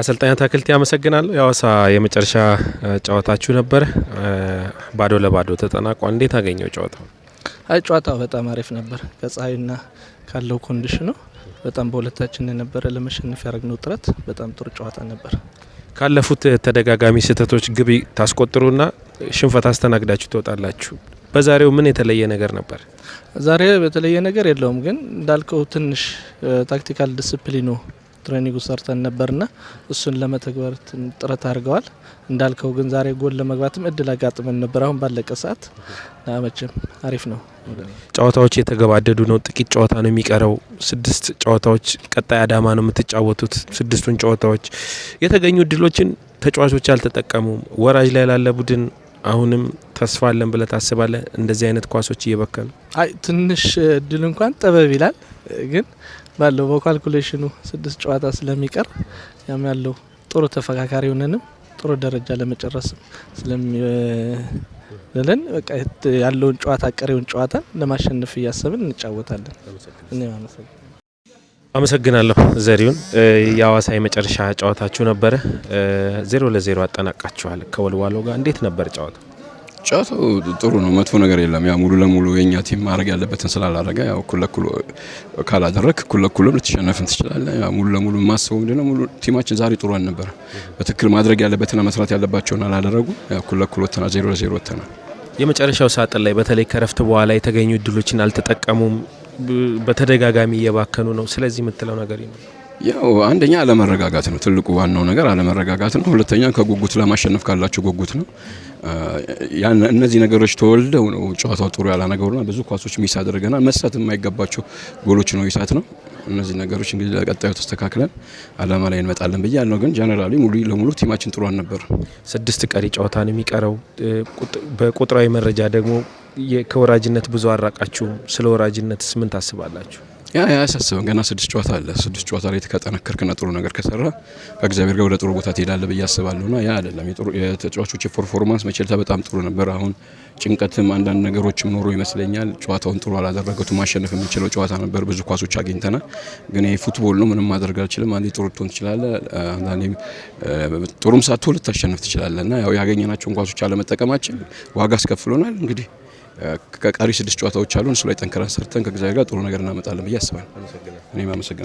አሰልጣኝ አታክልት ያመሰግናለሁ። የአዋሳ የመጨረሻ ጨዋታችሁ ነበር፣ ባዶ ለባዶ ተጠናቋ እንዴት አገኘው ጨዋታው? ጨዋታው በጣም አሪፍ ነበር። ከፀሐይና ካለው ኮንዲሽኑ በጣም በሁለታችን የነበረ ለመሸነፍ ያደረግነው ጥረት በጣም ጥሩ ጨዋታ ነበር። ካለፉት ተደጋጋሚ ስህተቶች ግብ ታስቆጥሩና ሽንፈት አስተናግዳችሁ ትወጣላችሁ። በዛሬው ምን የተለየ ነገር ነበር? ዛሬ በተለየ ነገር የለውም፣ ግን እንዳልከው ትንሽ ታክቲካል ዲስፕሊኑ ትሬኒንጉ ሰርተን ነበርና እሱን ለመተግበር ጥረት አድርገዋል። እንዳልከው ግን ዛሬ ጎል ለመግባትም እድል አጋጥመን ነበር። አሁን ባለቀ ሰዓት መቼም አሪፍ ነው። ጨዋታዎች የተገባደዱ ነው። ጥቂት ጨዋታ ነው የሚቀረው። ስድስት ጨዋታዎች ቀጣይ አዳማ ነው የምትጫወቱት። ስድስቱን ጨዋታዎች የተገኙ እድሎችን ተጫዋቾች አልተጠቀሙም። ወራጅ ላይ ላለ ቡድን አሁንም ተስፋ አለን ብለ ታስባለ? እንደዚህ አይነት ኳሶች እየበከሉ አይ ትንሽ እድል እንኳን ጠበብ ይላል ግን ባለው በኳልኩሌሽኑ ስድስት ጨዋታ ስለሚቀር ያም ያለው ጥሩ ተፈካካሪ ሆነንም ጥሩ ደረጃ ለመጨረስ ስለሚለን በቃ ያለውን ጨዋታ ቀሪውን ጨዋታ ለማሸነፍ እያሰብን እንጫወታለን። አመሰግናለሁ ዘሪሁን። የአዋሳ የመጨረሻ ጨዋታችሁ ነበረ፣ ዜሮ ለዜሮ አጠናቃችኋል ከወልዋሎ ጋር። እንዴት ነበር ጨዋታ? ጨዋታው ጥሩ ነው፣ መጥፎ ነገር የለም። ያ ሙሉ ለሙሉ የኛ ቲም ማድረግ ያለበትን ስላላረገ ያው እኩል ለእኩል ካላደረክ እኩል ለእኩልም ልትሸነፍን ትችላለህ። ያ ሙሉ ለሙሉ የማስበው ምንድነው ሙሉ ቲማችን ዛሬ ጥሩ አልነበረ። በትክክል ማድረግ ያለበትና መስራት ያለባቸውን አላደረጉ። እኩል ለእኩል ወተና ዜሮ ለዜሮ ወተና። የመጨረሻው ሳጥን ላይ በተለይ ከረፍት በኋላ የተገኙ እድሎችን አልተጠቀሙም፣ በተደጋጋሚ እየባከኑ ነው። ስለዚህ የምትለው ነገር ነው ያው አንደኛ አለመረጋጋት ነው ትልቁ ዋናው ነገር አለመረጋጋት ነው። ሁለተኛ ከጉጉት ለማሸነፍ ካላቸው ጉጉት ነው። እነዚህ ነገሮች ተወልደው ነው ጨዋታው ጥሩ ያላነገሩና ብዙ ኳሶች ሚስ አድርገናል። መሳት የማይገባቸው ጎሎች ነው ይሳት ነው። እነዚህ ነገሮች እንግዲህ ለቀጣዩ ተስተካክለን አላማ ላይ እንመጣለን ብዬ ያልነው፣ ግን ጀነራሊ ሙሉ ለሙሉ ቲማችን ጥሩ አልነበረም። ስድስት ቀሪ ጨዋታ ነው የሚቀረው። በቁጥራዊ መረጃ ደግሞ ከወራጅነት ብዙ አራቃችሁ። ስለ ወራጅነት ምን ታስባላችሁ? ያ ያሳስበን ገና ስድስት ጨዋታ አለ። ስድስት ጨዋታ ላይ ከጠነከርክና ጥሩ ነገር ከሰራ ከእግዚአብሔር ጋር ወደ ጥሩ ቦታ ትሄዳለ ብዬ ና ያ አይደለም የተጫዋቾች የፐርፎርማንስ መቼልታ በጣም ጥሩ ነበር። አሁን ጭንቀትም አንዳንድ ነገሮችም ኖሮ ይመስለኛል ጨዋታውን ጥሩ አላደረገቱ። ማሸነፍ የምንችለው ጨዋታ ነበር። ብዙ ኳሶች አግኝተናል። ግን ይህ ፉትቦል ነው፣ ምንም ማድረግ አልችልም። አንዴ ጥሩ ልትሆን ትችላለ፣ አንዳንዴ ጥሩም ሳትሆን ልታሸንፍ ትችላለ። ና ያው ያገኘናቸውን ኳሶች አለመጠቀማችን ዋጋ አስከፍሎናል እንግዲህ ከቀሪ ስድስት ጨዋታዎች አሉ። እሱ ላይ ጠንክረን ሰርተን ከእግዚአብሔር ጋር ጥሩ ነገር እናመጣለን ብዬ አስባለሁ። እኔም አመሰግናለሁ።